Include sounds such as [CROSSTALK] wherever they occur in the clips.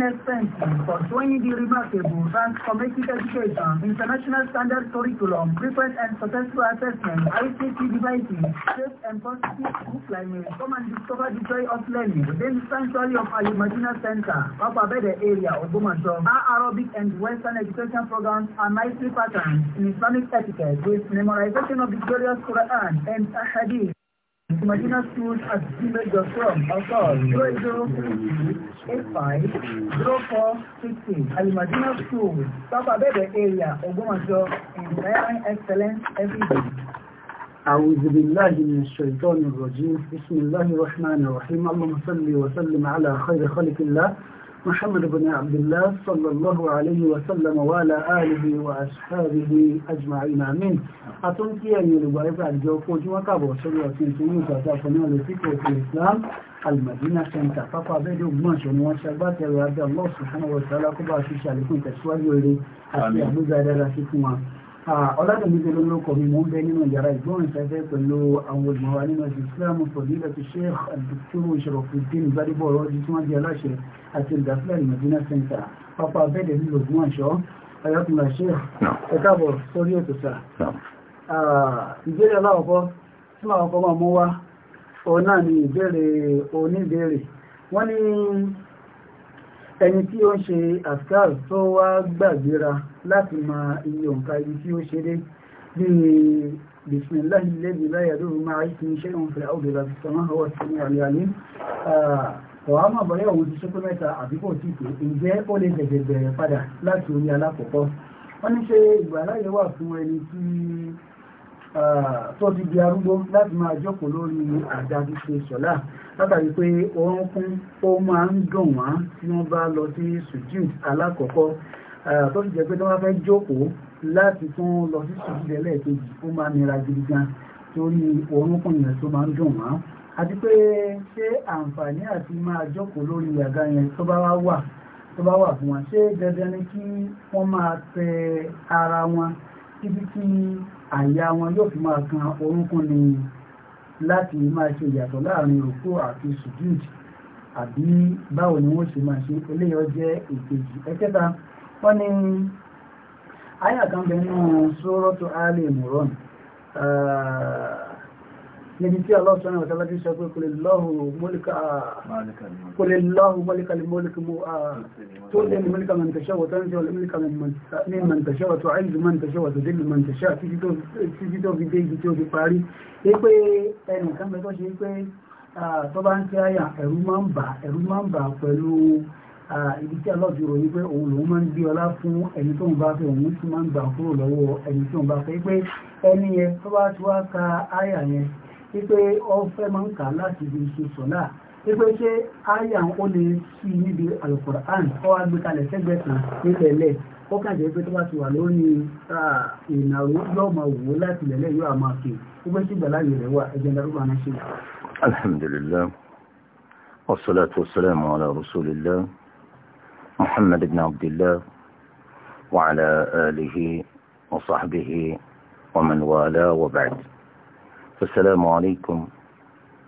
Sense in pursuing the remarkable transformative education, international standard curriculum, frequent and successful assessment, ICT devices, safe and positive school climate, come and discover the joy of learning within the sanctuary of Alimadina Center, Papa Bede area of Bumasho. Our Arabic and Western education programs are nicely patterned in Islamic etiquette with memorization of the glorious Quran and Ahadith. Medina Schools at gmail.com or call 08032850416. Al Medina Schools, Papa Bebe area, Ogbomoso, Engineering Excellence every day. أعوذ بالله من الشيطان الرجيم بسم الله الرحمن الرحيم اللهم صل وسلم على خير خلق الله محمد بن عبد الله صلى الله عليه وسلم وعلى آله وأصحابه أجمعين آمين أتمتي أن يلغيب الجوف وجوكب وصلوة سنسوني فتافنا لفكرة الإسلام المدينة كانت سنتا فقابل ماشون وشبات الله سبحانه وتعالى قبع في شالكم تسوالي أسيح بزادة رسيكم ọlọ́dọ̀mídé lórúkọ mi mọ́ ń bẹ nínú yàrá ìgbóhùnsáfẹ́ pẹ̀lú àwọn olùmọ̀wá nínú ẹ̀sìn islamu fòdílà ti sheikh abdulkiru sharafuddin gbadebo ọ̀rọ̀ ọdún tí wọ́n di aláṣẹ àti olùdásílẹ̀ medina center pápá abẹ́ẹ̀dẹ̀ nílò ògùn àṣọ ayatollah sheikh ẹ káàbọ̀ sórí ètò sà. ìbéèrè aláwọ̀kọ́ tí màá kọ́ máa mú wá òun náà ni ìbéèrè oníbéèrè wọ́n ní ẹni tí ó ń ṣe askar tó wá gbàgbéra láti mọ iye òǹkà ibi tí ó ṣe dé bí bismillahi lẹ́bi láyà lórí máa ṣe iṣẹ́ òun fẹ́ àwòrán láti sọmọ́ ọwọ́ sí ní àlẹ́ àlẹ́ ọ̀há máa bọ̀rẹ́ òun ti ṣépé mẹ́ta àbíkò tí pé ǹjẹ́ ó lè bẹ̀rẹ̀ bẹ̀rẹ̀ padà láti orí alákọ̀ọ́kọ́ wọ́n ní ṣe ìgbàláyé wà fún ẹni tí Ah, tó ti di arúgbó láti máa jókòó lórí àdájúṣe sọ̀lá látàrí pé oorun kún ó máa ń dùn wọ́n tí wọ́n bá lọ sí sùjúù alákọ̀ọ́kọ́ ah, tó ti jẹ́ pé tí wọ́n fẹ́ jókòó láti tún lọ sí sùjúù ẹlẹ́ẹ̀kejì ó máa nira gidi gan torí oorun kún yẹn tó máa ń dùn wọ́n àti pé ṣé àǹfààní àti máa jókòó lórí àga yẹn tó bá wà tó bá wà fún wọn ṣé dandan ni kí wọ́n máa tẹ ara wọn títí tí àyà wọn yóò fi máa kan orúnkún ni láti máa ṣe ìyàtọ̀ láàrin òkú àti sùjúd àbí báwo ni wọ́n ṣe máa ṣe eléyọ jẹ́ ìkejì ẹ̀kẹta wọ́n ní àyà kan bẹ nínú sórọ́tò alẹ́ mùrọ̀n níbi tí aláṣọ́nà ọ̀tọ́lájú sọ pé kò lè lọ́hùn mọ́líkà lè mọ́líkà mọ́ tó lè mọ́líkà mọ́ tẹ̀ṣẹ́ wọ́n tán jẹ́ mọ́líkà mọ́ tẹ̀ṣẹ́ wọ́n tó àìjù mọ́ tẹ̀ṣẹ́ wọ́n tó délù mọ́ tẹ̀ṣẹ́ títí tó fi dé ibi tí ó fi parí wípé ẹnìkan mẹ́tọ́ ṣe wípé tó bá ń tẹ́ àyà ẹ̀rú máa ń bà ẹ̀rú máa ń bà pẹ̀lú ibi tí aláṣọ ròyìn pé òun lòun máa ń gbé ọlá fún ẹni tó ń bá fẹ́ òun tún máa ń gbà kúrò lọ́wọ́ ẹni tó ń bá fẹ́ pé ẹni yẹn tó bá tún wá ka àyà yẹn wípé ọ̀fẹ́ máa ń kà láti ibi ṣe sọ̀lá wípé ṣé àyà ó lè sí níbi alukur'an ọ́ agbékalẹ̀ sẹ́gbẹ̀ẹ́ kan nílẹ̀ẹ́lẹ̀ ó kàjẹ́ pé tó bá ti wà lórí ìnáwó yóò máa wò láti lẹ̀lẹ́ yóò máa kè wípé ṣì gbàláyè rẹ̀ wà ẹ̀jẹ̀ darúgbà náà ṣe. alhamdulillah والصلاة والسلام على رسول الله محمد بن عبد الله وعلى آله وصحبه ومن والاه وبعد السلام عليكم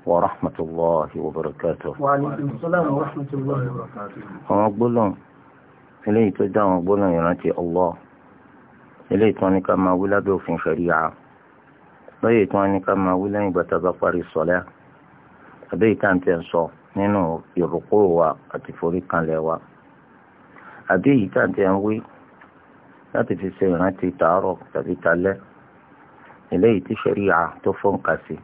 ورحمة الله وبركاته وعليكم السلام ورحمة الله وبركاته àwọn gbólóhùn eléyìí tó jẹ́ àwọn gbólóhùn ìrántí Allah eléyìí tó ní ká máa wí lábẹ́ òfin ṣẹ̀ríà lóye tó ní ká máa wí lẹ́yìn ìgbà tá a bá parí sọ̀lá àbẹ́ ìtàǹtì ẹ̀ sọ nínú ìrùkú wa àti ìforíkanlẹ̀ wa àbí ìtàǹtì ẹ̀ ń wí láti fi ṣe ìrántí tàárọ̀ tàbí talẹ́ eléyìí tí ṣẹ̀ríà tó fọ́nká sí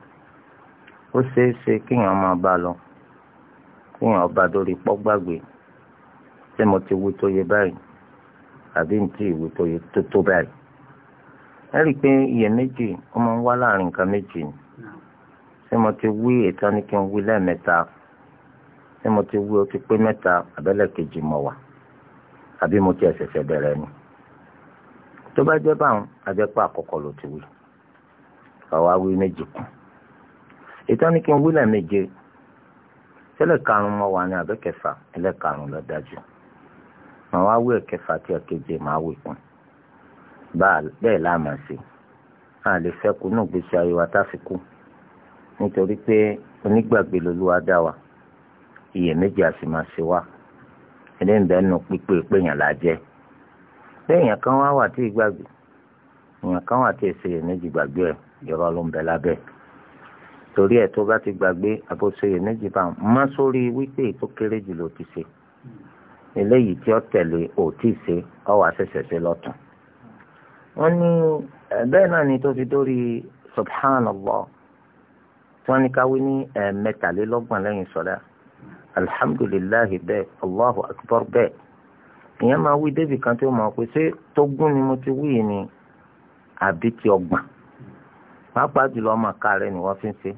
ó ṣeé ṣe kéèyàn máa bá lọ kéèyàn ọba lórí pọ́gbàgbé tí mo ti wú tó yẹ báyìí àbí ní ti ìwé tó yẹ tó tó báyìí ẹ rí i pé iyèméjì ó máa ń wá láàrin nǹkan méjì ni tí mo ti wí ètò ni kí n wí lẹ́ẹ̀mẹ́ta tí mo ti wí ó ti pé mẹ́ta àbẹ́lẹ̀ kejì mọ̀ wá àbí mo ti ẹ̀ṣẹ̀ṣẹ̀ bẹ̀rẹ̀ ni tó bá jẹ́ báwọn ajẹ́pọ̀ àkọ́kọ́ ló ti wí àwa wí méjì kù ìtàn ní kí n wílẹ̀ méje tẹ́lẹ̀ karùn-ún mọ́ wa ní abẹ́ kẹfà ẹlẹ́ karùn-ún lọ dájú màá wá wí ẹ̀kẹfà tí ẹ̀keje màá wí kún bẹ́ẹ̀ láàmà sí a lè fẹ́ kú ní ìgbésí ayé wa tá a fi kú nítorí pé onígbàgbé lolúwa dá wa iyèméjì a sì máa ṣe wá eléyìí pípé péyàn la jẹ́ bẹ́ẹ̀ èèyàn kan wá wà tí ì gbàgbé èèyàn kan wà tí ì ṣe iyèméjì gbàgbé ẹ̀ ìrọ̀ ló ń bẹ lábẹ́ torí ẹ̀ tó bá ti gbàgbé àbóṣeyè méjì bá má sórí wípé tó kéré jù ló ti ṣe eléyìí tí ó tẹ̀lé ò tí ì ṣe ọ wà ṣẹ̀ṣẹ̀ ṣe lọ́tún. wọ́n ní bẹ́ẹ̀ náà ni tó fi dórí subhanallah tí wọ́n ní káwé ní ẹ̀ẹ̀mẹ́tàlélọ́gbọ̀n lẹ́yìn sọ̀dá alhamdulilahi bẹ́ẹ̀ allahu akbar bẹ́ẹ̀ ìyẹn máa wí débì kan tí ó mọ̀ pé tó gún ni mo ti wí ni àbí ti ọgbọ̀n pàápàá jùlọ ọmọ àká rẹ ni wọ́n fi ń ṣe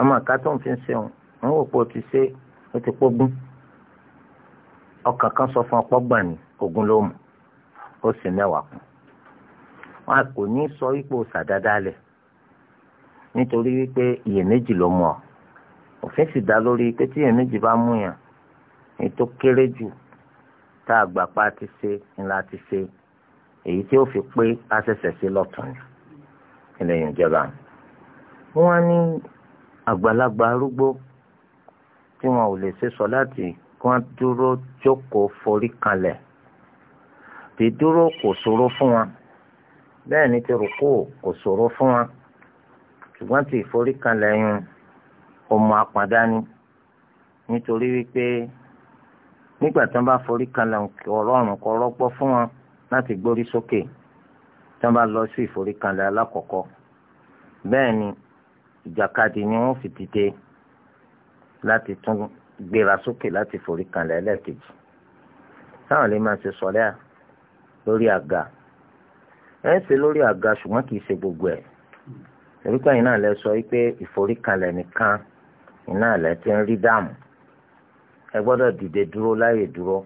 ọmọ àká tó ń fi ń ṣe wọn wọ́n wò pé o ti ṣe o ti pógún ọkàn kan sọ fún ọpọ́ gbà ní ogun ló mú ó sì mẹ́wàá kù wọn kò ní sọ ipò sàdáadáa lẹ̀ nítorí wípé iyèméjì ló mú ọ òfin sì dá lórí pé tí iyèméjì bá mú yàn èyí tó kéré jù tá a gbà pa ti ṣe ńlá ti ṣe èyí tí ó fi pé a ṣẹ̀ṣẹ̀ ṣe lọ́tún eléyìí ìjọba wọn ní àgbàlagbà arúgbó tí wọn ò lè ṣe sọ̀láàtì kí wọn dúró jókòó forí kanlẹ̀ dídúró kò ṣòro fún wọn bẹ́ẹ̀ ni ti rúkú kò ṣòro fún wọn ṣùgbọ́n tí ìforí kanlẹ̀ yun ó mú apàdánù nítorí wípé nígbà tí wọn bá forí kanlẹ̀ ọlọ́run kọ rọ́gbọ́ fún wọn láti gbórí sókè. So tí wọ́n bá lọ sí ìforíkanlẹ̀ alákọ̀ọ́kọ́ bẹ́ẹ̀ ni ìjàkadì ni wọ́n fi dìde láti tún gbéra sókè láti foríkanlẹ̀ ẹlẹ́ẹ̀kejì táwọn lè máa ṣe sọ̀lẹ́ à lórí àga ẹ̀ ń ṣe lórí àga ṣùgbọ́n kì í ṣe gbogbo ẹ̀ erékọ́ yìí náà lẹ sọ wípé ìforíkanlẹ̀ nìkan iná lẹ ti ń rí dààmú ẹ gbọ́dọ̀ dìde dúró láyè dúró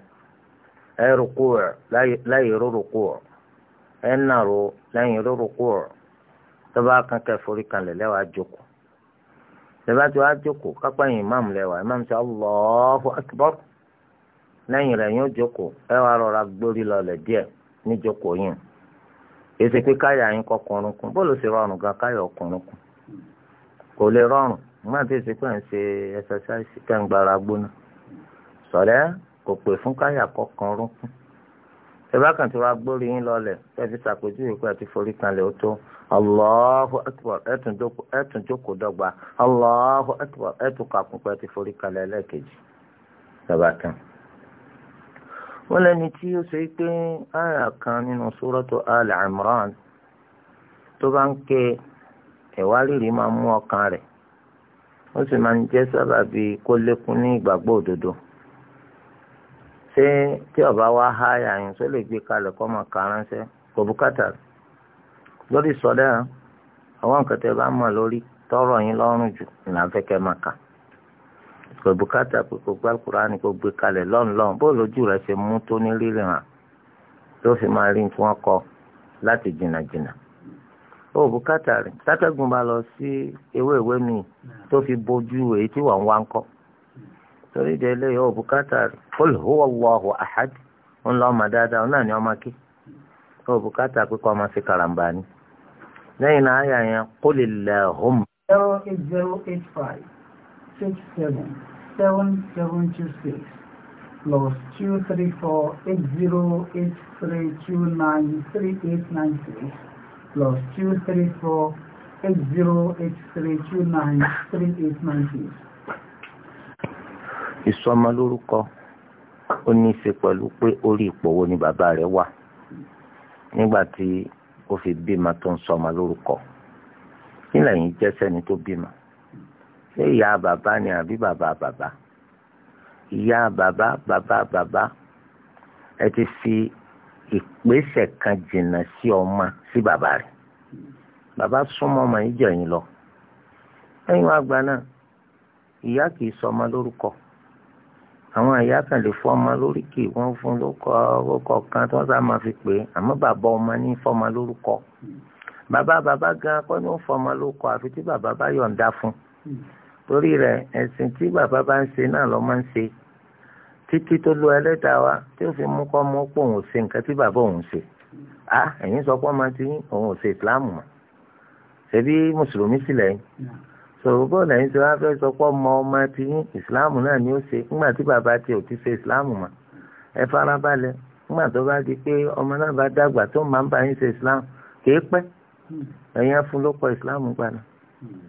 ẹ rúkú ẹ láyè rúrúkú ẹ. ẹ nàró lẹ́yìn rúrukú ọ tó bá kan kẹ forí kanlẹ̀ lẹwàá jókòó lẹba jókòó kápá yìí imam lẹwàá imam sọ Allahu akbar lẹ́yìn rẹ̀ yóò jókòó ẹ wàá rọra gbórí lọlẹ̀ díẹ̀ ní jókòó yìí èsì pé káyà yín sì rọrùn gan káyà ọkùnrùnkùn kò lè rọrùn pé ń ṣe ẹsẹsáìsì gbóná fún káyà tẹ̀bákan tí wàá gbórí yín lọlẹ̀ tẹ̀fi sàpèjúwe pé ẹ ti forí kanlẹ̀ ó tó Allahu akbar jókòó dọ́gba Allahu akbar kàkùn pé ẹ ti forí ẹlẹ́ẹ̀kejì wọ́n lẹ́ni tí ó ṣe pé àyà kan nínú suratu al tó bá ń ọkàn rẹ̀ ó sì máa ń jẹ́ sábàbí kó ṣé tí ọba wa há àyàn tó lè gbé kalẹ̀ kọ́ mọ̀ ká ránṣẹ́ kò bùkátà lórí sọdẹ́ àwọn nǹkan bá mọ̀ lórí tọrọ yín lọ́rùn jù ní afẹ́kẹ́ máa kà kò bùkátà pé kò gbá kúránì kò gbé kalẹ̀ lọ́nlọ́n bó tó ní rírì hàn tó láti jìnnàjìnnà ó bùkátà lọ sí ewé ìwé mi tó fi èyí torí de ilé yóò bùkátà qul huwa Allahu ahad ń lọ ọmọ dáadáa ọ náà ni ọmọ kí yóò bùkátà pé kọ́ ọmọ sí karambà ni lẹ́yìn náà ayà yẹn qul Allahumma. zero eight zero eight five six seven seven seven two six plus two three four eight zero eight three two nine three eight nine six plus two three four eight zero eight three two nine three eight nine six ìsọmọ lórúkọ ó ní í ṣe pẹ̀lú pé orí ipò wo ni bàbá rẹ̀ wà nígbà tí ó fi bímọ tó ń sọmọ lórúkọ nílẹ̀ yìí jẹ́ sẹ́ni tó bímọ ṣé ìyá bàbá ni àbí bàbá bàbá ìyá bàbá bàbá bàbá ẹ ti fi ìgbésẹ̀ kan jìnnà sí ọmọ sí bàbá rẹ̀ bàbá súnmọ́ ọmọ yìí jẹ̀yìn lọ lẹ́yìn wá gba náà ìyá kì í sọmọ lórúkọ àwọn àyà kan lè fọ́ ọmọ lóríkì wọ́n fún lókọ orúkọ kan tí wọ́n sá máa fi pè é àmọ́ bàbá ọmọ ní fọ́mọ lórúkọ bàbá bàbá gan kọ́ ni ó fọ́mọ lórúkọ àfi tí bàbá bá yọ̀ǹda fún torí rẹ̀ ẹ̀sìn tí bàbá bá ń ṣe náà lọ́ máa ń ṣe títí tó lo ẹlẹ́dàá wa tí ó fi mú kọ́ mọ́ pé òun ò ṣe nǹkan tí bàbá òun ṣe à ẹ̀yin sọ pé ọmọ ti òun ò ṣe ìsìláàmù mọ́ ṣebí mùsùlùmí sílẹ̀ yìí sọ̀rọ̀ bọ́ọ̀lù ẹ̀yin tí wọ́n fẹ́ sọ pé ọmọ ọmọ ti ní ìsìláàmù náà ni ó ṣe nígbà tí bàbá tiẹ̀ ò ti ṣe ìsìláàmù mọ́ ẹ farabalẹ̀ nígbà tó bá di pé ọmọ náà bá dàgbà tó máa ń bá yín ṣe ìsìláàmù kìí pẹ́ ẹ̀yin fún ló kọ ìsìláàmù gbà náà. Hmm.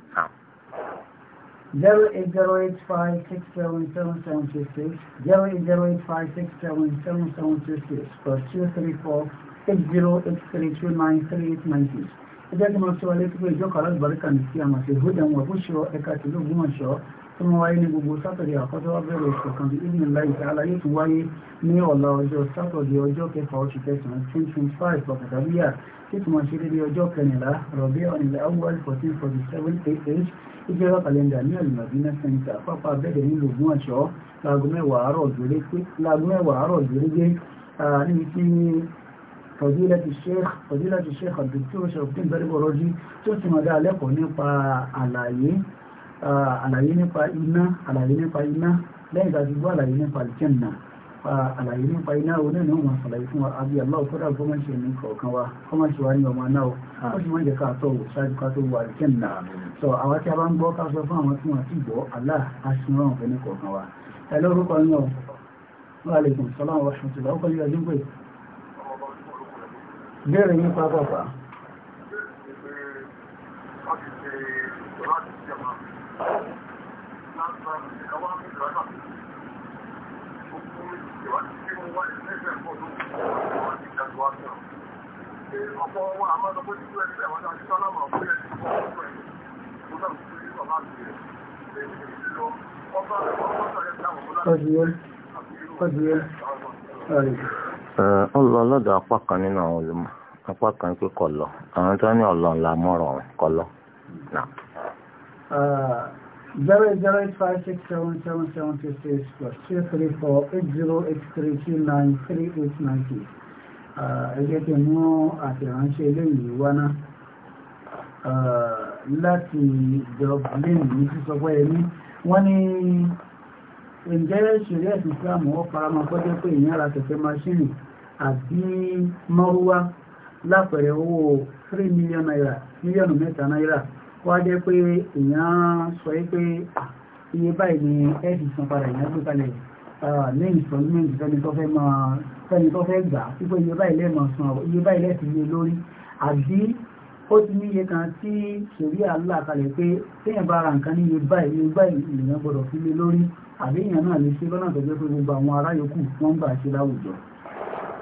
zero eight zero eight five six seven seven seven two six zero eight zero eight five six seven seven seven two six plus two three four six zero eight three two nine three eight nine six ẹjẹ́ tí wọ́n sọ wọlé pípé ìjọkọ̀ alábàríkà ní sí àmàṣe ìhódàn wọ̀ fún ṣọ ẹ̀ka tìlú Ògbómọ̀ṣọ́ tó mọ wáyé ní gbogbo sátọ̀dé àkọ́tọ́ wá bẹ̀rẹ̀ oṣù kan bí ìlú ńlá ìta aláyé tún wáyé ní ọ̀la ọjọ́ sátọ̀dé ọjọ́ kẹfà oṣù kẹsàn-án twenty twenty five pọ̀kàtàbíyà tí tí wọ́n ṣe dédé ọjọ́ kẹrìnlá rọ̀bí ọ̀nìlẹ̀ awúwárí fourteen forty seven ah ìjọba kàlẹ́ndà ní àlùmọ̀bínà sẹ́ńtà pápá abẹ́rẹ́ nílùú Ògbómọ̀ṣọ́ láago mẹ́wàá àárọ̀ fọ̀dílẹ́tì sheikh abdul sharafdin bẹ́rẹ̀bọ̀rọ́jí tó ti mọ̀ dáa lẹ́kọ̀ọ́ nípa àlàyé àlàyé nípa iná àlàyé nípa iná lẹ́yìn ìgbà tí gbọ́ àlàyé nípa aljanna àlàyé nípa iná oní ní wọn sàlàyé fún wa àbí aláwọ̀ kọ́dà gọ́mọ̀ṣe ní kọ̀ọ̀kan wa kọ́mọ̀ṣe wa ní ọmọ náà ó sì máa ń jẹ́ ká tọ̀ wò ṣáájú ká tó wà aljanna sọ àwọn tí a bá ń gbọ́ ká sọ fún àwọn tí wọ́n ti gbọ́ Allah aṣùnrán ọ̀fẹ́ ní kọ̀ọ̀kan wa ẹ lórúkọ yín ọ̀ wa alaikum salaam wa rahmatullahi wa barakatuh bẹ̀rẹ̀ yí pápápá Ọ̀pọ̀ wọn àmọ́dọ̀ bó ti tó ẹgbẹ́ wọn láti sọ́lọ́mọ̀ fún ẹ̀sìn fún ọ̀pọ̀ ẹ̀. Mo náà fún ìlú ọ̀bá ti rẹ̀. Ọjọ́ ọjọ́ ọjọ́ ọjọ́ ọ lọ lọ́dọ̀ apá kan nínú àwọn olùmọ̀ apá kan pé kọ̀ lọ àwọn tó ní ọ̀lọ́n la mọ́rọ̀ ọ̀hún kọ̀ lọ. zero zero eight five six seven seven seven two six plus two three four eight zero eight three two nine three eight nine two ẹ jẹ́ kí n mú àtẹ̀ránṣẹ́ eléyìí wá náà láti Dublin ní sísọpọ̀ ẹni wọ́n ní ǹjẹ́ ṣẹ̀rí ẹ̀sìn Islam wọ́n fara mọ́ pẹ́jẹ́ pé ìyára kẹ̀kẹ́ máṣínì àbí mọ́rúwá lápẹ̀rẹ̀ owó 3 million naira mílíọ̀nù mẹ́ta naira wá jẹ́ pé èèyàn sọ pé iye báyìí ni ẹ́ẹ̀dì san padà èèyàn gbé kalẹ̀ ní installment fẹ́ni tó fẹ́ máa fẹ́ni tó fẹ́ gbà pípé iye báyìí lẹ́ẹ̀ máa san iye báyìí lẹ́ẹ̀ ti yé lórí àbí ó ti ní iye kan tí ṣòrí àlá kalẹ̀ pé téèyàn bá ra nǹkan ní iye báyìí iye báyìí èèyàn gbọ́dọ̀ fi lé lórí àbí èèyàn náà lè ṣe lọ́nà tó jẹ́ pé gbogbo àwọn ará yòókù wọ́n gbà ṣe láwùjọ.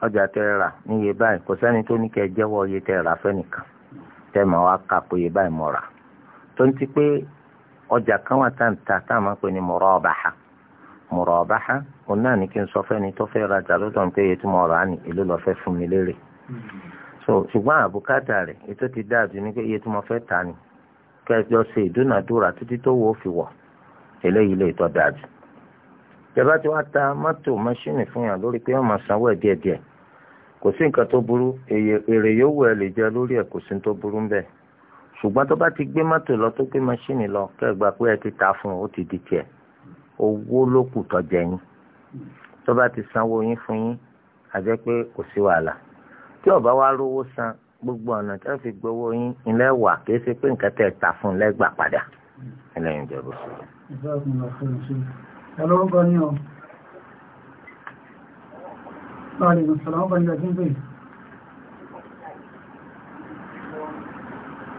ọjà tẹ rà níye báyìí kò sẹ́ni tó ní kẹ́ jẹ́wọ́ iye tẹ rà fẹ́nìkan tẹ́ mọ̀ wá kà pé iye báyìí mọ̀ rà tó ń ti pé ọjà kan wà tá n ta tá a máa pè ní murabaha murabaha òun náà ní kí n sọ fẹ́ni tó fẹ́ lọ́dọ̀ ní pé iye tí mo rà á ní èló lọ fẹ́ fún mi lérè so ṣùgbọ́n àbùkátà rẹ̀ ti dáa ní pé iye tí mo fẹ́ ta ni kẹjọ ṣe ìdúnàdúrà títí tó wo fi wọ̀ eléyìí lè tọ́ ìjọba ta mọ́tò mọ́ṣíìnì fún yàn lórí pé wọ́n máa sanwó ẹ̀ díẹ̀díẹ̀ kò sí nǹkan tó burú èrè yòówù ẹ lè jẹ lórí ẹ kò sí tó burú ń bẹ ṣùgbọ́n tó bá ti gbé mọ́tò lọ tó gbé maṣíìnì lọ kẹgbà pé ẹ ti ta fún un ó ti di tiẹ̀ owó ló kù tọjẹ yín tó bá ti sanwó yín fún yín a jẹ́ pé kò sí wàhálà tí ó bá rówó san gbogbo ọ̀nà tí wọ́n fi gbowó yín ilé wà kì í ṣe pé nǹkan tẹ̀ ta fún lẹ́gbà padà ẹlẹ́yin jẹ́ bó ṣe. ìjọba ìgbà fún mi ẹ lọ́wọ́ gan ni o. Láàrin ìṣẹ̀lẹ̀ ọba ilẹ̀ tí ń bèèrè.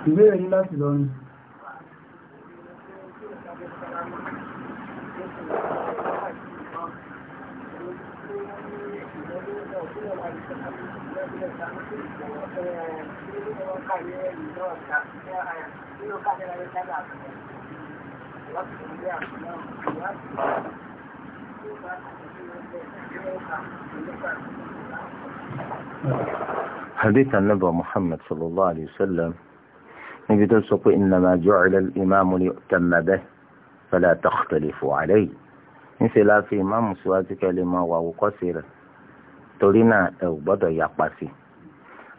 Ìbéèrè yí láti lọ ni. حديث النبي محمد صلى الله عليه وسلم níbi tó sọ pé innama ju'ila al-imamu liyu'tamma bihi fala takhtalifu alayhi níṣẹ́ la fi ìmáàmù síwájú kẹ́lẹ́ máa wà wòkọ́sí rẹ̀ torí náà ẹ̀ ò gbọ́dọ̀ yapa sí i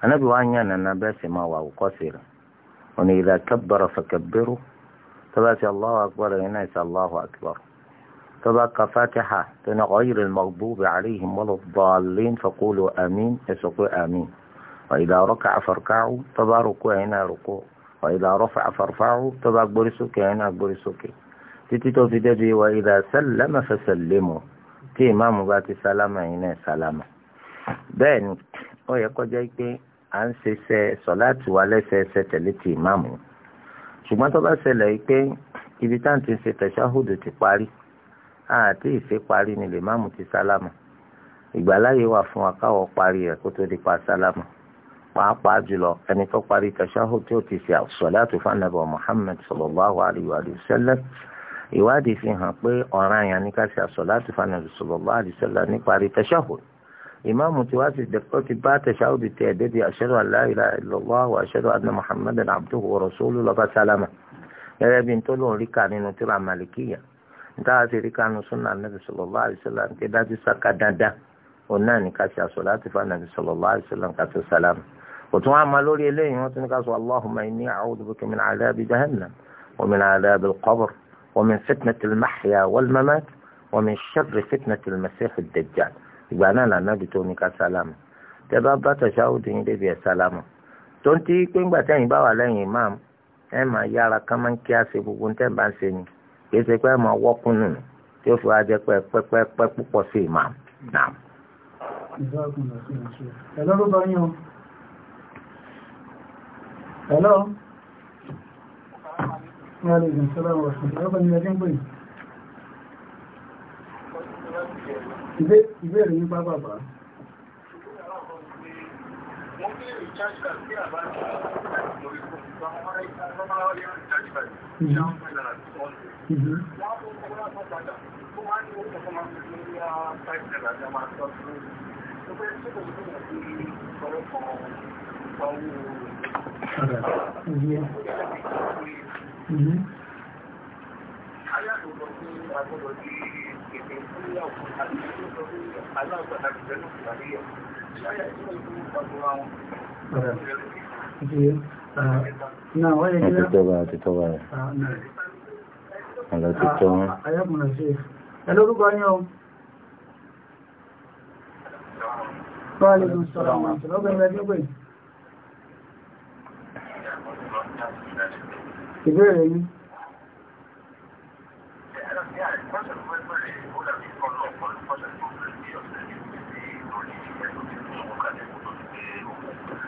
anábì wàá yàn nànà bẹ́ẹ̀ sì máa wà wòkọ́sí rẹ̀ òní idha kabbara fakabbiru tọ́ba ti Allahu akbar yìí náà ṣe Allahu akbar tọ́ba ka fatiha tẹ̀lé ghayril maghdubi alayhim waladdallin faqulu àmín ẹ sọ pé àmín wa idha raka'a farka'u tọ́ba rúkú ẹ̀yin náà rúkú wa idha rafa'a farfa'u tọ́ba gbórí sókè ẹ̀yin náà gbórí sókè títí tó fi dẹ́bi wa idha sallama fasallimu tí ìmáàmù bá ti sálámà yín náà sálámà bẹ́ẹ̀ ni ó yẹ kọjá pé à ń ṣiṣẹ́ sọ̀láàtì wa lẹ́sẹẹsẹ tẹ̀lé ti ìmáàmù ṣùgbọ́n tó bá ṣẹlẹ̀ pé ibi táǹtì ń ṣe tẹ̀ṣáhùdù ti parí àti ìṣèparí ni lèmáàmù ti sálámù ìgbàláyé wà fún wa káwọ parí rẹ̀ kó tó di pa sálámù pàápàá jùlọ ẹni tó parí tàṣáhù tí ó ti ṣe àṣọlátù fànàbọ Muhammad sallallahu alayhi wa sallam ìwádìí fi hàn pé ọ̀ràn àyàn ní ká ṣe àṣọlátù fànàbọ sallallahu alayhi wa sallam ní parí tàṣáhù ìmáàmù tí wá ti dẹ̀kọ́ ti bá tàṣáhù di tẹ̀ débi ashhadu an la ilaha illallah wa ashhadu anna Muhammadan sálámà gẹ́gẹ́ bí n nínú tíra màlìkíyà nítaà ti rí kanu súnà nàbì sallallahu alaihi wasallam nké dájú sáka dáadáa òun náà ní ká ṣe àsọ̀láàtì fún nàbì sallallahu alaihi wasallam ká ṣe sálámù òtún àmà lórí eléyìí wọn tún ní ká sọ allahumma inni a'udhu bika min adhabi jahannam wa min adhabi al-qabr wa min fitnati al-mahya wal-mamat wa min sharri fitnati al-masih ad-dajjal ìgbà náà là nàbì tó ní ká sálámù tẹ bá bá tàṣáwùdì kìí pé ẹ máa wọ́kùn nù tí ó fi wá jẹ́ pé pẹ́pẹ́pẹ́ púpọ̀ sí ìmọ̀ náà. Hello ló bá yín o. Hello. Ìbéèrè yín pápá bàbá. Aláàbò àti ìjẹ́lú ìgbàlẹ́yẹ̀. Wọ́n ti tọ́ba àti tọ́ba rẹ̀. Àlọ́ ti tọ́ wọn. Ayọ́kùnrin ṣe. Ẹ ní ọ. Báyìí ló sọ̀rọ̀ àwọn àṣọ lọ́gbẹ̀rẹ̀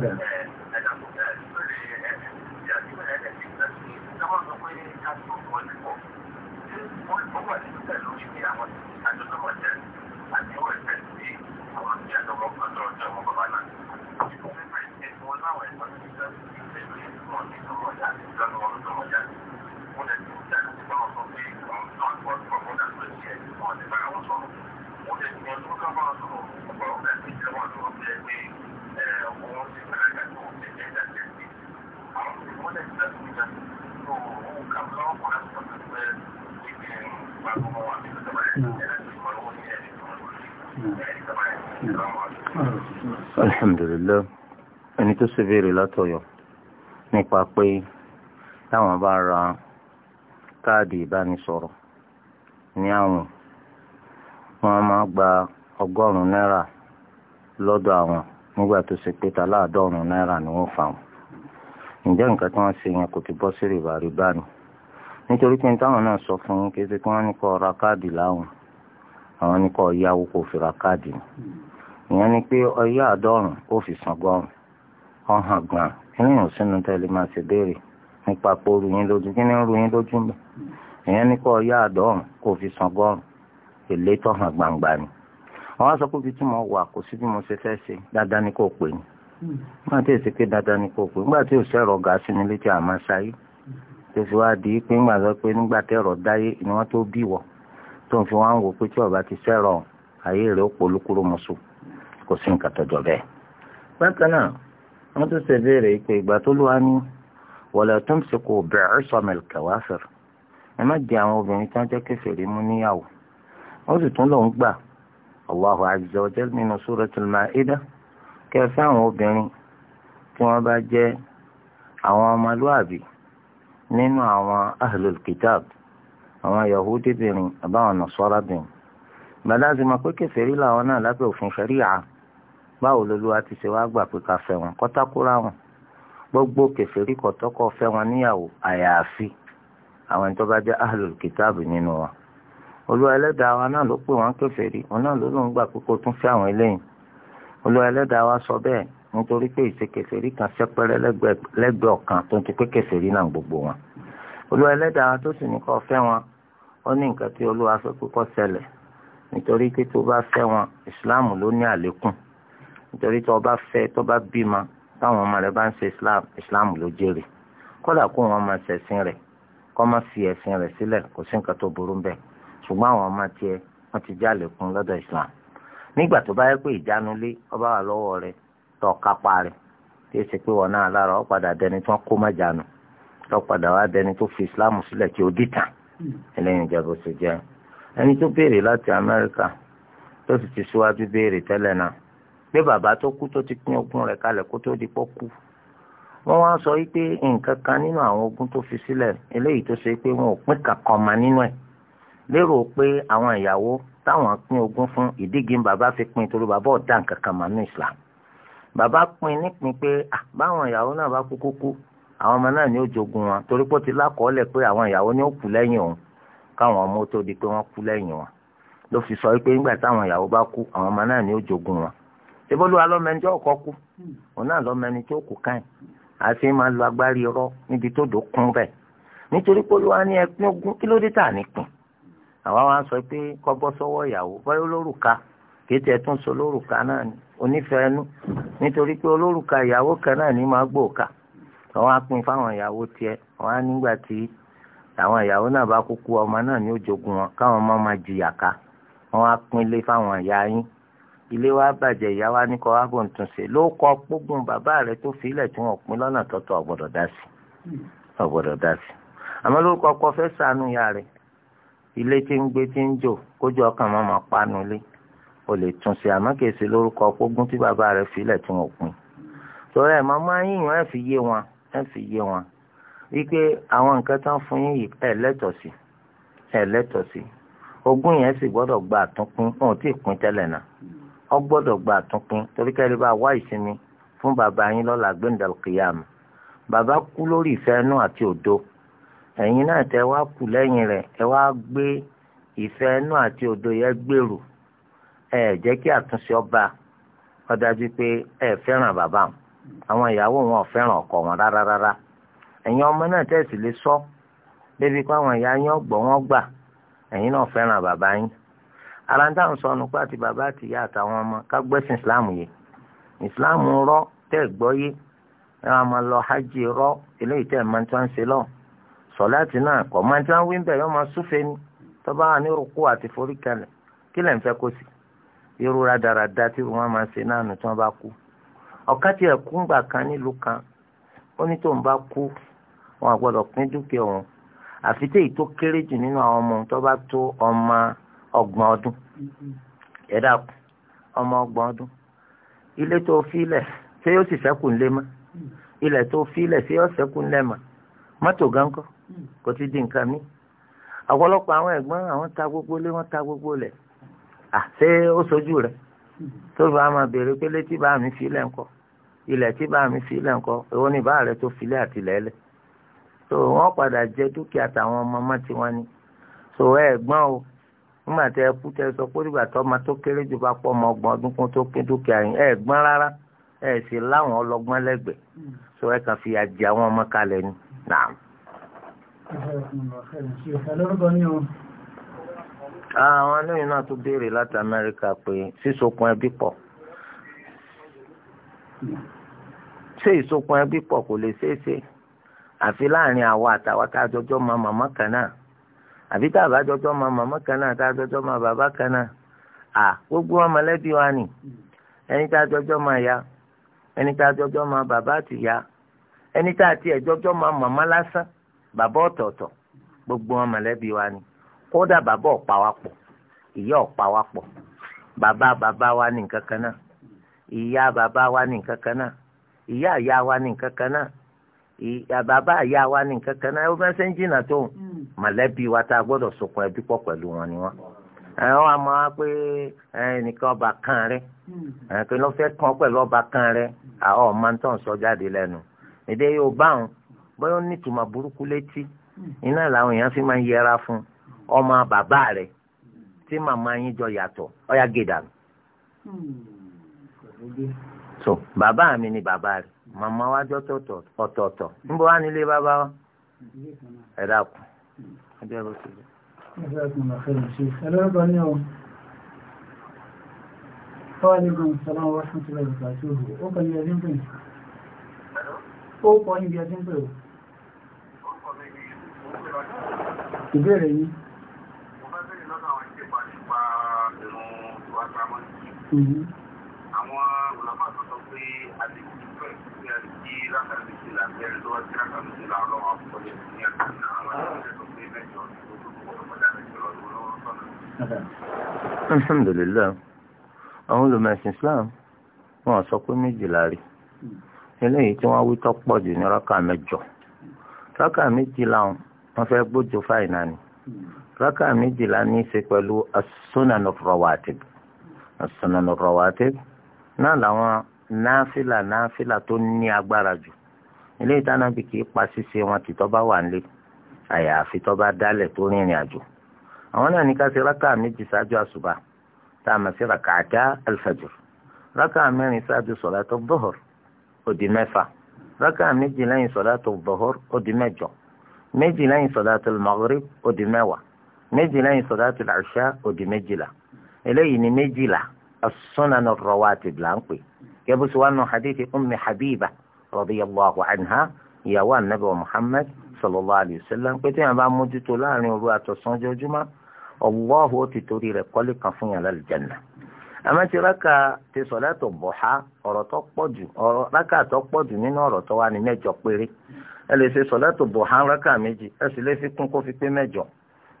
confidence alhamdulilayi ẹni tó ṣe béèrè látọ̀yọ́ nípa pé táwọn bá ra káàdì ìbánisọ̀rọ̀ ní àwọn wọn máa gba ọgọ́rùn náírà lọ́dọ̀ àwọn nígbà tó ṣe pé taláàdọ́rùn náírà ni wọ́n fà wọ́n ǹjẹ́ nǹkan tí wọ́n ṣe yẹn kò ti bọ́ sí sọ fún kété wọ́n ní ra káàdì láwọn àwọn ní yáwó fi ra káàdì ìyẹn ni pé ọyọ àádọ́rùn ó fi san gọ́rùn ọ̀hàn gan ẹ̀yìn ò sínú tẹ́lẹ̀ máa ṣe béèrè nípa pé ó ruyín lójú kí ni ń ruyín lójú mbẹ ìyẹn ni pé ọyọ àádọ́rùn kò fi san gọ́rùn èlé tọ̀hàn gbangba ni wọ́n á sọ pé ibi tí mo wà kò sí bí mo ṣe fẹ́ ṣe dáadáa ni kò pè ní nígbà tí èsì pé dáadáa ni kò pè nígbà tí òṣèré ọ̀gá sí ni létí àmọ́ ṣáyé tẹ̀síwájú pé ńgbà sọ pé nígbà tẹ̀rọ dáyé ni wọ́n tó bí wọ̀ tó ń fi wá ń wò pé tí ọba ti sẹ́rọ̀ ayé rẹ̀ ó polúkúrò mọ́sùn kò sí nǹkan tọjọ bẹ́ẹ̀. bákan náà wọ́n tún ṣe béèrè pé ìgbà tó lùwà ní wala tumsiku bi'isam al-kawafir ẹ má di àwọn obìnrin tí wọ́n jẹ́ kèfèrí mú níyàwó wọ́n sì tún lòún gbà Allahu azza wa jalla nínú suratul Ma'idah kẹfẹ́ àwọn obìnrin tí wọ́n bá jẹ́ àwọn ọmọlúàbí nínú àwọn ahlul àwọn yahudi bìnrin àbáwọn nasara bìnrin gbàdá sì mọ̀ pé kèfèrí làwọn náà lábẹ́ òfin ṣẹ̀ríà báwo lolúwa ti ṣe wá gbà pé ká fẹ́ wọn kọ́tákúrá wọn gbogbo kèfèrí kọ̀tọ́kọ̀ fẹ́ wọn níyàwó àyàfi àwọn tó bá jẹ́ ahlul kìtáàbù nínú wa olúwa ẹlẹ́dàá wa náà ló pè wọ́n kèfèrí òun náà ló lóun gbà pé kó tún fẹ́ àwọn eléyìí olúwa ẹlẹ́dàá wa sọ bẹ́ẹ̀ nítorí pé ìṣe kèfèrí kan ṣẹ́pẹ́rẹ́ lẹ́gbẹ̀ẹ́ ọ̀kan tó ń ti pé kèfèrí náà gbogbo wọn olúwa ẹlẹ́dàá wa tó sì ní kó fẹ́ wọn ó ní nǹkan tí olúwa fẹ́ kó ṣẹlẹ̀ nítorí pé tó bá fẹ́ wọn ìsìláàmù ló ní àlékún nítorí tó bá fẹ́ tó bá bímọ táwọn ọmọ rẹ̀ bá ń ṣe islam islam ló jèrè kódà kó wọn máa ṣẹ̀sìn rẹ̀ kó má fi ẹ̀sìn rẹ̀ kò sí nǹkan tó burú ṣùgbọ́n àwọn ọmọ ti já lẹ́kùn lọdọ islam nígbà tó bá yẹ pé ìjánulé ọba wà lọ́wọ́ rẹ̀ tó kápá rẹ̀ tí èsì pé wọn náà lára ọ padà dẹni tí kó má jánu tó padà wá dẹni tó fi islam kí ó ìjọba ẹni tó ti síwájú béèrè tẹ́lẹ̀ pé bàbá tó kú tó ti pín ogún rẹ̀ kalẹ̀ kó tó di pọ́ kú wọ́n wá sọ wípé nǹkan kan nínú àwọn ogún tó fi sílẹ̀ eléyìí tó ṣe pé wọn ò pín kankan ma nínú ẹ̀ lérò pé àwọn ìyàwó táwọn pín ogún fún ìdígin bàbá fi pín torí bàbá ọ̀dà nǹkan kan mà ní Islam bàbá pín nípín pé báwọn ìyàwó náà bá kú kúkú àwọn ọmọ náà ni ó jogun wọn torí pé ó ti lákọọ́lẹ̀ pé àwọn ìyàwó ni ó kú lẹ́yìn òun káwọn ọmọ tó di pé wọ́n kú lẹ́yìn wọn ló fi sọ wípé nígbà táwọn ìyàwó bá kú àwọn ọmọ náà ni ó jogun wọn ṣebọ́lú alọ́mẹni tí ọkọ̀ kú hmm. òun náà lọ́mẹni tí ó kú káyìn a sì máa lo agbárí ọ̀rọ̀ níbi tó dò kún bẹ́ẹ̀ nítorí pé olúwa ní ẹpin ogún kí ló dé tà ní pin àwa wa sọ pé kọ́ bọ́ sọ́wọ́ ìyàwó bọ́yá olórùka kéètì ẹ̀ tún sọ olórùka náà ni onífẹ̀ẹ́ ẹnu nítorí pé olórùka ìyàwó kan náà ní máa gbòòkà àwọn apin fáwọn ìyàwó tiẹ̀ àwọn á nígbà tí àwọn ìyàwó náà bá kúkú ọmọ náà ní ó wọn káwọn ọmọ máa jìyà ká wọn á pin ilé fáwọn ìyá yín ilé wa bàjẹ́ ìyá wa ní kọ́ wa ló kọ́ gbógun bàbá rẹ tó filẹ̀ tí wọ́n pín lọ́nà tọ́tọ́ ọ̀gbọ́dọ̀ dá sí ọ̀gbọ́dọ̀ dá sí àmọ́ ló kọ́ kọ́ fẹ́ sànú ilé tí ń gbé tí ń jò kójú ọkàn mọ́ máa panu o lè tún àmọ́ kìí ṣe tí bàbá rẹ filẹ̀ tí wọ́n torí ẹ̀ máa máa yíyan ẹ̀ fi wọn ẹ̀ fi àwọn nǹkan tán fún ọ gbọ́dọ̀ gbà tuntun torí kẹ́lẹ́ bá wá ìsinmi fún bàbá yín lọ́la gbẹ̀ndẹ̀ kìyàmù bàbá kú lórí ìfẹ́ inú àti òdo ẹ̀yin náà tẹ́ wá kù lẹ́yìn rẹ̀ ẹ wá gbé ìfẹ́ inú àti òdo yẹn gbèrú ẹ jẹ́ kí àtúnṣe ọba ó dájú pé ẹ fẹ́ràn bàbá àwọn ìyàwó wọn ò fẹ́ràn ọkọ wọn rárá rárá ọmọ náà tẹ́ lè sọ débi pé àwọn ìyá yín ọgbọ̀n wọn gbà ẹ̀yin náà fẹ́ràn bàbá yín ara ń dáhùn sọnù pé àti bàbá àti ìyá àtàwọn ọmọ ká gbẹ́sìn islam yìí islam rọ tẹ́ gbọ́ yé ẹ máa ma lọ hajj rọ eléyìí tẹ́ máa ń tán ṣe lọ sọ̀láàtì náà kọ̀ máa ń tán wí bẹ́ẹ̀ yọ máa súfèé ni tó bá wà ní rúkú àti forí kalẹ̀ kí lẹ̀ ń fẹ́ kó sí irú rádaràda tí wọ́n máa ṣe náà nù tí wọ́n bá kú ọ̀ká tiẹ̀ kú ńgbà kan nílùú kan ó ní tóun bá kú wọn àgbọ́dọ̀ pín dúkìá òun àfi téyì ọgbọ̀n ọdún ẹ̀dá ọmọ ọgbọ̀n ọdún ilé tó filẹ̀ ṣé yóò sì ṣẹ́kù ńlẹ̀ mọ́ ilẹ̀ tó filẹ̀ ṣé yóò ṣẹ́kù ńlẹ̀ mọ́ mọ́tò gánkọ́ kò ti di nǹkan mi ọ̀pọ̀lọpọ̀ àwọn ẹ̀gbọ́n àwọn ta gbogbo lé wọ́n ta gbogbo lẹ̀ àṣé ó sojú rẹ̀ tó bá máa béèrè pé létí bá mi filẹ̀ ńkọ́ ilẹ̀ tí bá mi filẹ̀ ńkọ́ èwo ni bá rẹ̀ tó filẹ̀ àtìlẹ́lẹ̀ so wọ́n padà jẹ dúkìá tàwọn ọmọ ọmọ tiwọn ni so ẹ̀gbọ́n o nígbà tẹ ẹ kú tẹ ẹ sọ pé nígbà tó ọmọ tó kéré jù bá pọ̀ ọmọ ọgbọ̀n ọdún kún tó pín dúkìá yín ẹ gbọ́n rárá ẹ sì láwọn ọlọ́gbọ́n lẹ́gbẹ̀ẹ́ sọ ẹ kàn fi àjẹ àwọn ọmọ kalẹ̀ ni nàá. àwọn aláìní náà tún béèrè láti Amẹ́ríkà pé sísokùn ẹbí pọ̀ ṣé ìsopọ̀ ẹbí pọ̀ kò lè ṣeé ṣe àfi láàrin àwa àtàwọn tá a jọjọ́ mọ màmá kan náà àbí tá a bá jọjọ́ máa màmá kan náà tá a jọjọ́ máa bàbá kan náà à gbogbo wa mọ̀lẹ́bí wa nì ẹni tá a jọjọ́ máa ya ẹni tá a jọjọ́ máa bàbá àtìyá ẹni tá a tiẹ̀ jọjọ́ máa màmá lásán bàbá ọ̀tọ̀ọ̀tọ̀ gbogbo wa mọ̀lẹ́bí wa nì kódà bàbá ọ̀pá wa pọ̀ ìyá ọ̀pá wa pọ̀ bàbá bàbá wa ní nǹkan kan náà ìyá bàbá wa ní nǹkan náà ìyá ìyá wa ní nǹkan kan náà bàbá ìyá wa ní nǹkan náà ó mọ̀lẹ́bí wa tá a gbọ́dọ̀ sokun ẹbí pọ̀ pẹ̀lú wọn ni wọn ẹ wọ́n á máa pé ẹnìkan ọba kan rẹ hmm. ẹ pé lọ́ fẹ́ kàn pẹ̀lú ọba kan rẹ àwọn ọmọ tó ń sọ jáde lẹ́nu èdè yóò bá wọn bóyá ó ní ìtumọ̀ burúkú létí hmm. iná làwọn èèyàn fi máa ń yẹra fún ọmọ bàbá rẹ tí màmá yín jọ yàtọ̀ ọ̀yà gèdà hmm. so bàbá mi ni bàbá rẹ màmá wa jọ ọ̀tọ̀ọ̀tọ̀ níbo wá nílé bàbá wa ẹ dákun. Ajábọ̀ sí i. Ẹlẹ́rọ̀bá ní ọ̀hún. Fọ́wọ́ ní gbọ́n sọ́lọ́wọ́ wáṣán tí lọ́wọ́ ìgbà tí ó hù. Ó kọ̀ ní ẹdín pè. Ó kọ̀ ní ibi èèyàn sí rákà méjì làbẹ́rẹ́ tó wá sí rákà méjì làárọ̀ àkọlé ní àkànná àwọn ẹgbẹ́ tó pé mẹ́jọ tó tó kọ̀ ọ̀dà mẹ́jọ lọ́dún lọ́wọ́ sọ́nà. alhamdulilayi àwọn Islam wọn sọ pé méjìlá rí eléyìí tí wọ́n wí tó pọ̀ jù ní rákà mẹ́jọ rákà méjìlá wọn fẹ́ gbójú fáìnà ni rákà méjìlá ní í ṣe pẹ̀lú as-sunan ar-rawatib náà làwọn náfìlà náfìlà tó ní agbára jù eléyìí táwọn bí kì í pa ṣíṣe wọn tí tọ́ bá wà nílé àyàfi tọ́ bá dálẹ̀ tó rìnrìn àjò àwọn náà ní ká ṣe rákà méjì ṣáájú àṣùbà tá a mọ̀ sí ràkàdá alfajr rákà mẹ́rin ṣáájú sọ̀látù dhuhr ó di mẹ́fà rákà méjì lẹ́yìn sọ̀látù dhuhr ó di mẹ́jọ méjì lẹ́yìn sọ̀látù maghrib ó di mẹ́wàá méjì lẹ́yìn sọ̀látù ìṣá ó di méjìlá eléyìí ni méjìlá as-sunan ar-rawatib gẹ́gẹ́ bó ṣe wá nù hadithi ummi habiba radiyallahu anha ìyàwó anabi wa muhammad sallallahu alayhi wa sallam pé tí yàn bá mójútó láàrin òru àtọ̀sán ojoojúmọ́ ọlọ́hu ti torí rẹ̀ kọ́lé kan fún yàn lálùjánnà àmọ́ ti rákà ti sọ̀látò bọ̀há ọ̀rọ̀ tó pọ̀ jù ọ̀rọ̀ rákà tó pọ̀ jù nínú ọ̀rọ̀ tó wà ní mẹ́jọ péré ẹ lè ṣe sọ̀látò bọ̀há rákà méjì ẹ sì lè fi kún kó fi pé mẹ́jọ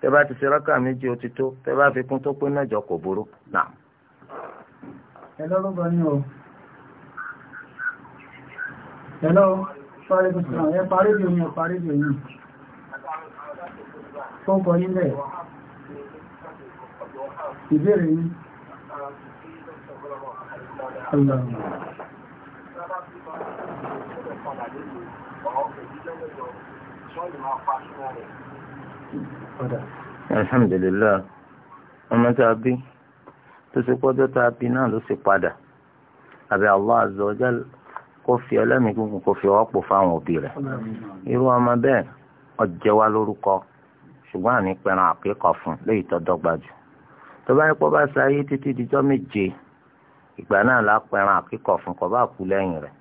tẹ bá ti ṣe rákà méjì ó ti tó tẹ bá fi kún tó pé mẹ́jọ kò burú náà. ẹ lọ́rọ̀ bá ní o. Hello, sorry to say, ẹ parí bí omi ọ̀parí bí omi. Tó kọ nílẹ̀. Ìbéèrè yìí. Allah. Alhamdulillah, ọmọ tí a bí, tó ṣe pọ́jọ́ tá a bí náà ló sì padà. Àbẹ̀ Allah Azza kó fi ẹlẹ́mìí gúngùn kó fi ọ̀pọ̀ fáwọn òbí rẹ̀ irú ọmọ bẹ́ẹ̀ ọ̀jẹ̀ wa lórúkọ ṣùgbọ́n àní pẹran àpékọ̀ fún léyìí tó dọ́gba jù tó bá yẹpọ̀ bá sáyé títí dijọ́ méje ìgbà náà la pẹran àpékọ̀ fún kọ́ bá kú lẹ́yìn rẹ̀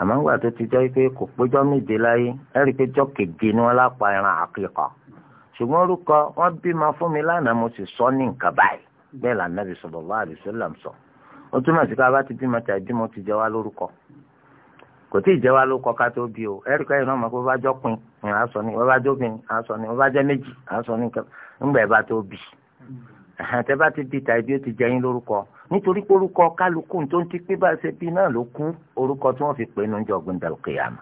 àmọ́ ńgbà tó ti jẹ́ pé kò péjọ́ méje láyé ẹ rí i pé jọ́ keje ni wọ́n lápa ẹran àpékọ̀ ṣùgbọ́n orúkọ wọ́n bímọ fún mi lánàá mo sì sọ ní nǹkan báyìí bẹ́ẹ̀ l'Ànábì sallallahu alaihi wasallam sọ ó túmọ̀ sí ká bá ti bímọ tàbí mo ti jẹ wá lórúkọ kò tí ì jẹ́ wá ló kọ́ ká tó bí o ẹ̀rí kẹ́yìn náà mọ̀ pé bá jọ́pin àásọ ni bá jóbin àásọ ni bá jẹ́ méjì àásọ ni ńgbà ẹ̀ bá tó bì àtẹ bá ti di tàbí bí ó ti jẹ yín lórúkọ nítorí pé orúkọ kálukú tó ń ti pé bá ṣe bí náà ló kú orúkọ tí wọn fi pè ní ọjọ́ ọgbìn dàlùkìyàmù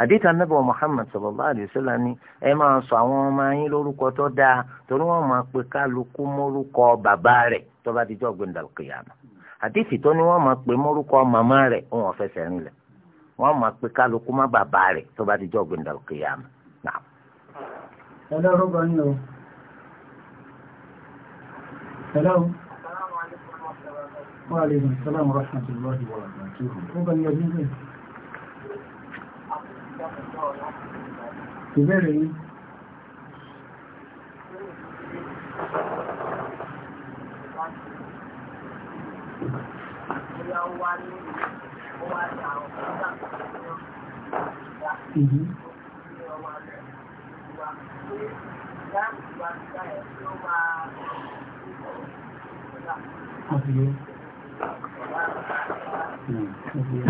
àdìtà nàbọ Muhammad sallallahu alaihi wasallam ni ẹ máa sọ àwọn ọmọ yín lórúkọ tó dáa torí wọn máa pe kálukú mórúkọ bàbá rẹ̀ tó bá dijọ ọgbìn dàlùkìyàmù àdìtì tó ní wọn máa pe mórúkọ màmá rẹ̀ òun ọfẹsẹ rinlẹ wọ́n máa pe kálukú má bàbá rẹ̀ tó bá dijọ́ gbẹ̀ndàlù kìyàmù. Hello, rúbọ yín o. Hello. Wa alaikum salaam wa rahmatullahi wa barakatuh. Rúbọ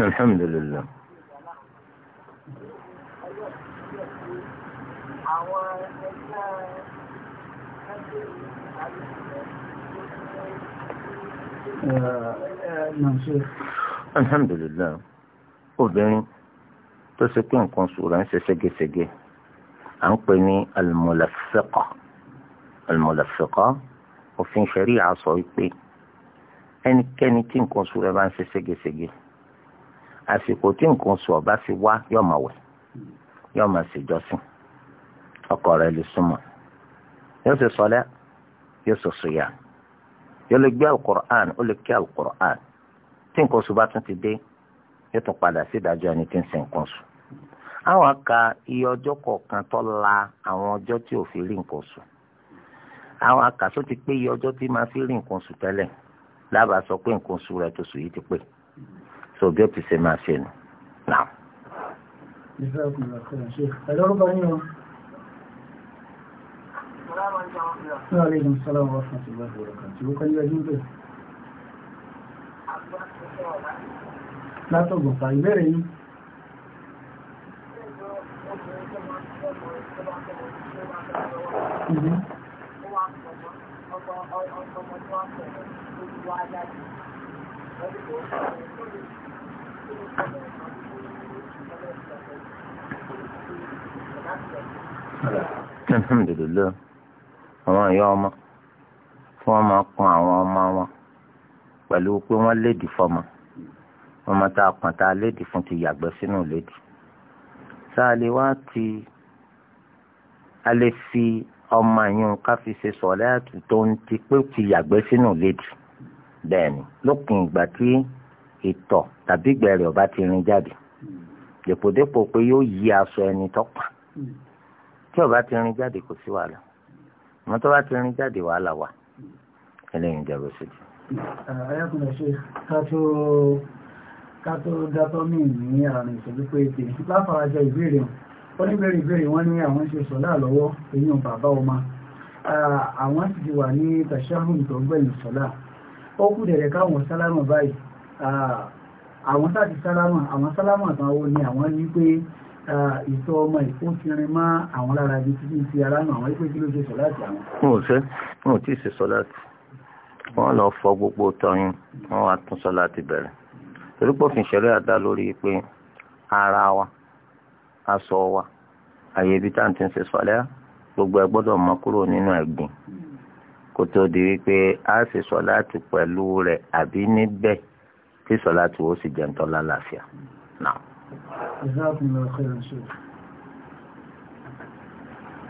الحمد لله نعم شيخ alhamdulilayi obìnrin tó ṣe pé nǹkan sùúrù à ń ṣe ségesège à ń pè ní almọlẹfẹkọ almọlẹfẹkọ òfin ṣẹ̀rí àṣọ pé ẹnikẹ́ni tí nǹkan sùúrù rẹ̀ bá ń ṣe ségesège àsìkò tí nǹkan sùúrù ọba fi wá yóò máa wẹ̀ yóò máa ṣèjọsìn ọkọ rẹ̀ lè súnmọ́ yóò ṣe sọlẹ yóò ṣe sùyà yóò lè gbé alukur'an ó lè kí alukur'an tí nǹkan oṣù bá tún ti dé yóò tún padà sí ìdájọ́ ẹni tí ń sin nǹkan oṣù. àwọn ka iye ọjọ́ kọ̀ọ̀kan tó la àwọn ọjọ́ tí ò fi rí nǹkan oṣù. àwọn akàṣó ti pé iye ọjọ́ tí máa fi rí nǹkan oṣù tẹ́lẹ̀ lábàá sọ pé nǹkan oṣù rẹ̀ tòṣù yìí ti pé so bí ó ti ṣe máa ṣe nù. Ẹ̀rọ ọ̀rọ̀ bá yín o. Ṣé àlejò ń látọ̀gbọ̀fà ìbẹ̀rẹ̀ yìí Alhamdulillah, àwọn ìyá ọmọ tí wọ́n máa pọn àwọn ọmọ wọn pẹ̀lú pé wọ́n léèdì fọmọ ọmọ tá a pọ̀n tá a léèdì fún ti yàgbẹ́ sínú léèdì tá a lè wá ti a lè fi ọmọ yẹn ká fi ṣe sọ̀rọ̀ ẹ̀tù tó ń ti pé ti yàgbẹ́ sínú léèdì bẹ́ẹ̀ ni lópin ìgbà tí ìtọ̀ tàbí gbẹ̀rẹ̀ ọba ti rin jáde dèpòdépò pé yóò yí aṣọ ẹni tọ́pa tí ọba ti rin jáde kò sí wàhálà mọ́tò bá ti rin jáde wàhálà wà ẹlẹ́yin jẹ́ bó ṣe jẹ́ ayákùnlẹ̀ ṣe ká tó dátọ́ mí ní àrùn ìṣẹ́lú pé ètè láfarajọ ìbéèrè wọn níbẹ̀rẹ̀ ìbéèrè wọ́n ní àwọn ṣe sọ̀lá lọ́wọ́ èyí ò bàbá ọmọ àwọn sì ti wà ní tàṣáhùn tó gbẹ̀yìn sọ̀lá ó kù dẹ̀rẹ̀ káwọn sálámà báyìí àwọn sáti sálámà àwọn sálámà tán ó ní àwọn ní pé ìtọ́ ọmọ ìkóṣirin má àwọn lára ibi títí ti aláàmà àwọn ìpé kí ló ṣe sọ̀lá àti àwọn. wọn ò ṣe wọn ò tí ì ṣe sọ̀lá àti wọ́n lọ fọ gbogbo tọyún wọ́n wá tún sọ láti bẹ̀rẹ̀ torí pòfin ṣẹlẹ̀ àdá lórí pé ara wa aṣọ wa àyè ibi tá à ń ti ń ṣe sọlẹ́ gbogbo ẹ gbọ́dọ̀ mọ́ kúrò nínú ẹ̀gbìn kó tó di wípé a ṣe sọ láti pẹ̀lú rẹ̀ àbí níbẹ̀ tí sọ láti ó sì jẹ́ ń tọ́lá láàfíà náà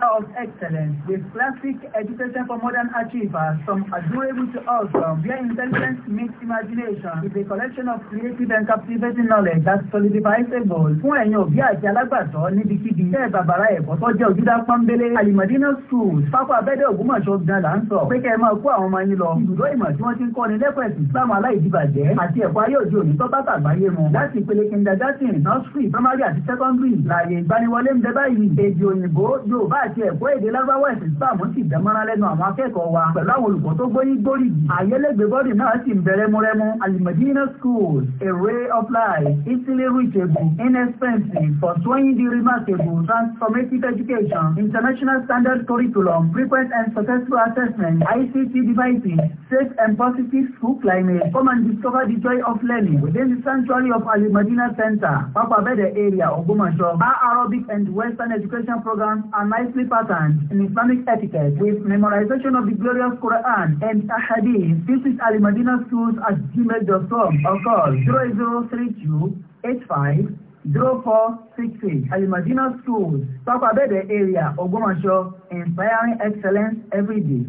of excellence with classic education for modern achievers from adorable to awesome where intelligence meets imagination with a collection of creative and captivating knowledge that solidifies a goal fún ẹ̀yin òbí àti alágbàtọ́ níbikíbi bẹ́ẹ̀ bàbàrà ẹ̀kọ́ tó jẹ́ òjúdá pọ́nbélé alimadina schools pápá abẹ́dẹ̀ ògbómọ̀ṣọ́ gan la ń sọ pé kẹ́ ẹ máa kó àwọn ọmọ yín lọ ibùdó ìmọ̀ tí wọ́n ti ń kọ́ni lẹ́kọ̀ọ́ ẹ̀sìn islam aláìdíbàjẹ́ àti ẹ̀kọ́ ayé òde òní tó bá tàgbáyé mu láti ìpele kindergarten nursery primary àti secondary láàyè ìgbaniwọlé ń bẹ báyìí èdè òyìnbó yorùbá àti ẹ̀kọ́ èdè lágbáwá ẹ̀sìn islam sì dẹ́mọ́ra lẹ́nu àwọn akẹ́kọ̀ọ́ wa pẹ̀lú àwọn olùkọ́ tó gbóyìn gbóríyìn àyẹlẹ́gbẹ́ bọ́dì náà sì ń bẹ̀rẹ̀ múrẹ́mú alimadina schools a ray of life easily reachable inexpensive for twenty the remarkable transformative education international standard curriculum frequent and successful assessment ICT devices safe and positive school climate come and discover the joy of learning within the sanctuary of alimadina center papabede area ogbomoso our arabic and western education programs are nicely Muslim patterns in Islamic etiquette with memorization of the glorious Quran and Ahadith. This is Ali Madina Schools at gmail.com or call 0032 85 0466 Ali Madina Schools, Papa Bede area, Ogbomoso, inspiring excellence every day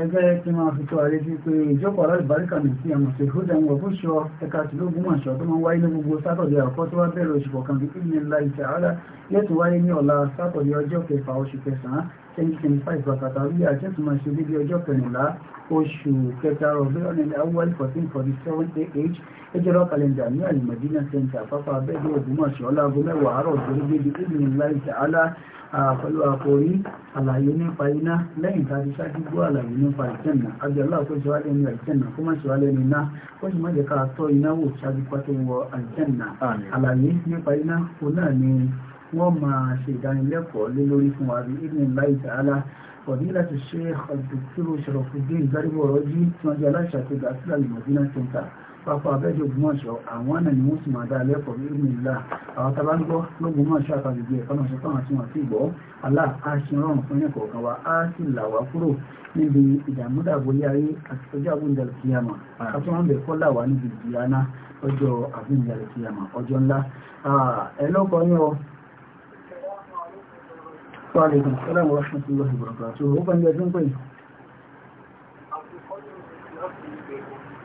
ẹgbẹ́ kí máa fi tó ààrẹ sí pé ìjọpọ̀ aláìbáríkà ní sí àwọn ṣe hódà ń wọ fún ṣọ ẹ̀ka tìlógún mọ̀ṣọ́ tó máa ń wáyé ní gbogbo sátọ̀dẹ̀ àkọ́kọ́ tó wá bẹ̀rẹ̀ oṣù kọ̀ọ̀kan bí ìlú ńlá ìṣẹ̀ àárá yóò tún wáyé ní ọ̀la sátọ̀dẹ̀ ọjọ́ kẹfà oṣù kẹsàn-án twenty twenty five bàkàtà orí àti ẹ̀sùn máa ṣe débi ọjọ́ kẹrìnlá oṣù kẹta ọ̀gbẹ́ ọ̀nẹ́lẹ̀ Ah, pẹ̀lú àkòrí àlàyé nípa iná lẹ́yìn tàbí ṣáájú gbọ́ àlàyé nípa ìtẹ̀nà abiola kó ṣe wálé ní ìtẹ̀nà kó má ṣe wálé ní iná ó sì má jẹ́ ká tọ́ iná wò ṣáájú pátó wọ ìtẹ̀nà àlàyé nípa iná kò náà ni wọ́n máa ṣe ìdánilẹ́kọ̀ọ́ lé lórí fún wa bí ibn láì tààlà ọ̀dí láti ṣe ọ̀dùnkúrò ṣọ̀rọ̀fù dín ìgbàdúgbò ọ̀rọ̀ jí tí wọ́n jẹ́ aláṣà tó dá sílẹ̀ pápá abẹ́jọ́ Ògbómọ̀ṣọ́ àwọn náà ni wọ́n sì máa dá lẹ́kọ̀ọ́ nínú ìlà àwọn tàbá ń gbọ́ lÓgbómọ̀ṣọ́ àtàgbègbè ẹ̀kọ́ náà sọ́kàn àti wọn àti ìgbọ́ alá àṣì rọrùn fún ẹ̀kọ́ kan wa á sì là wá kúrò níbi ìdààmúdàbọ̀lé ayé àti ọjọ́ àbúndàlẹ̀ kìyàmà ah. àti wọn bẹ̀ kọ́ là wá níbi ìdíyàná ọjọ́ àbúndàlẹ̀ kìyàmà ọjọ́ ńlá ah, ẹ yín o.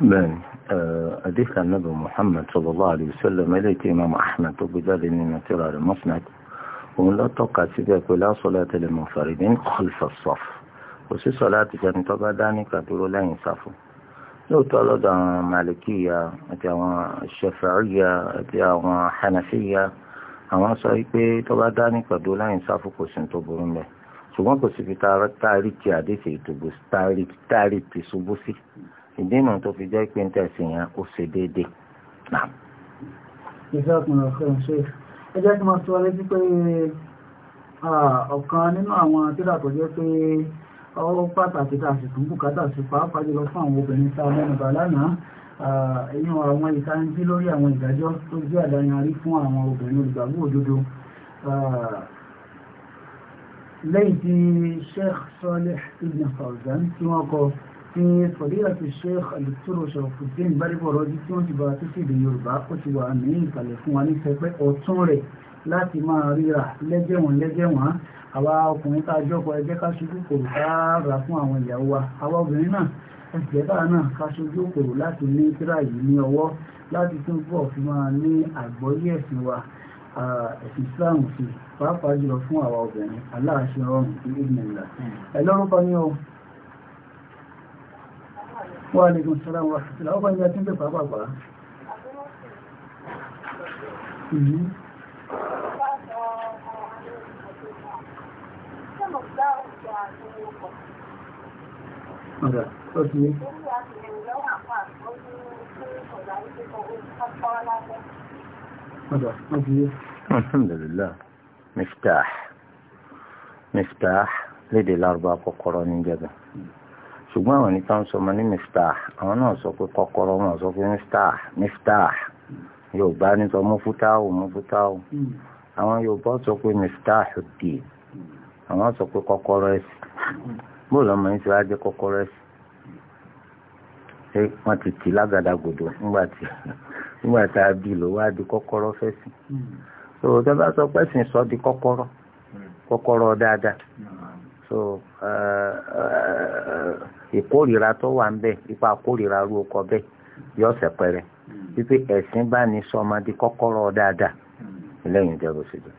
بن آه، حديث النبي محمد صلى الله عليه وسلم إليك إمام أحمد وبذلك من ترى المصنع òun ló tọ́ka síbẹ̀ pé la salata lil munfaridin khalfa as-saff kò sí sọlá àtìjẹni tó bá dá níkà dúró lẹ́yìn sáfù lóòótọ́ lọ́dọ̀ àwọn malikiya àti àwọn shafi'iya àti àwọn hanafiya àwọn sọ wípé tó bá dá níkà dúró lẹ́yìn sáfù kò sí tó burú mẹ́ ṣùgbọ́n kò sí fi táàrí ti àdéṣe ìtògbò táàrí ti ṣubú sí ìdínà tó fi jẹ́ pé ń tẹ̀sí yẹn ó ṣe déédéé. Ìjọba ọ̀sẹ̀ ẹjẹ́ tí máa tọ́wọ́ létí pé ọ̀kan nínú àwọn tírà tó jẹ́ pé ọwọ́ pàtàkì tá a sì tún bùkátà sí pàápàá jùlọ fún àwọn obìnrin tá a mẹ́nubà lánàá èyí àwọn ìsáńtí lórí àwọn ìdájọ́ tó jẹ́ àdáyanrí fún àwọn obìnrin olùgbàgbọ́ òdodo lẹ́yìn tí Sheikh Saleh Ibn Fawzan tí wọ́n kọ tí fọ̀díyà ti Sheikh alìtúrò Sharafuddin gbádẹ́bọ̀rọ̀ ojú tí wọ́n ti bára tó di Yorùbá ó ti wà ní ìkàlẹ̀ fún wa ní pẹpẹ ọ̀tún rẹ̀ láti máa ríra lẹ́jẹ̀wọ̀n lẹ́jẹ̀wọ̀n àwa ọkùnrin tá a jọ́pọ̀ ẹgbẹ́ ká ṣojú kòrò ká rà fún àwọn ìyàwó wa àwa obìnrin náà ẹsẹ̀ báà náà ká ṣojú kòrò láti ní kíra yìí ní ọwọ́ láti tún bọ̀ fi máa ní àgbọ́yé ẹ̀sìn wa ẹ̀sìn Islam sí pàápàá jùlọ fún àwa obìnrin aláàṣẹ ọrùn ìlú ìlú ẹ̀ lọ́rùkọ ní o. Wa alaikum salam wa rahmatullah. Ọba ìyá tí ń bẹ̀ pàápàá. Ọ̀dà, ó ti yé. Alhamdulillah, Miftah. Miftah lédè larba kọ́kọ́rọ́ ní jẹ́bẹ̀ ṣùgbọ́n àwọn nípa ń sọmọ ní miftah àwọn náà sọ pé kọ́kọ́rọ́ wọn sọ pé miftah miftah yorùbá ní sọ mufutahu mufutahu àwọn yorùbá sọ pé miftahud-din àwọn sọ pé kọ́kọ́rọ́ ẹ̀sìn bóòlù ọmọ yìí ti wá jẹ́ kọ́kọ́rọ́ ẹ̀sìn ṣé wọ́n ti tì lágàdà gbòdò nígbà tí [LAUGHS] nígbà tá a bí lò wá di kọ́kọ́rọ́ fẹ́sìn. sọ̀rọ̀ tó bá sọ pé ẹ̀sìn sọ di kọ́kọ́rọ́ kọ́kọ́rọ́ dáadáa. so ìkórìíra tó wà ń bẹ ipa kórìíra ru ọkọ bẹ ọsẹ hmm. wípé ẹ̀sìn bá ní sọmọdé kọ́kọ́rọ́ dáadáa lẹ́yìn ìjọba òṣèlú.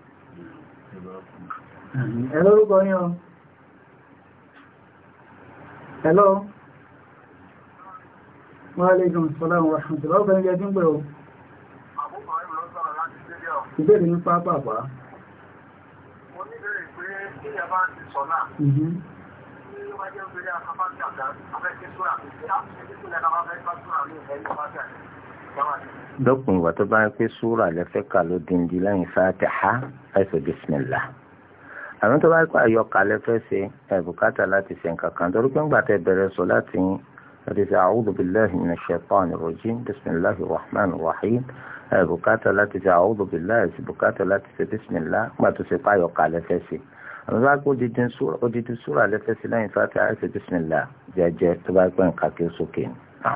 ẹ lórúkọ yín o hello wàhálẹ́gùn ìbéèrè nípa Mm-hmm. dọ́kùn ìwà tó bá ń pé súrà lẹ́fẹ́ kà ló dìndí lẹ́yìn fàtíhà ẹ̀sẹ̀ bísímìlà àwọn tó bá pa àyọkà lẹ́fẹ́ ṣe ẹ̀bùkátà e láti ṣe nǹkan kan torí pé ńgbà tẹ bẹ̀rẹ̀ sọ láti yín láti ṣe a'udhu billahi minash shaitani rajim bismillahir rahmanir rahim ẹ̀bùkátà e láti ṣe a'udhu billahi ẹ̀sìn bùkátà láti ṣe bísímìlà ńgbà tó ṣe pa àyọkà lẹ́fẹ́ àbúrò àgbò odidi súrà lẹ́fẹ́ sí lẹ́yìn fàtí àìsè bísímìlà jẹ́jẹ́ tó bá gbọ́n ká kí ó sókè nà.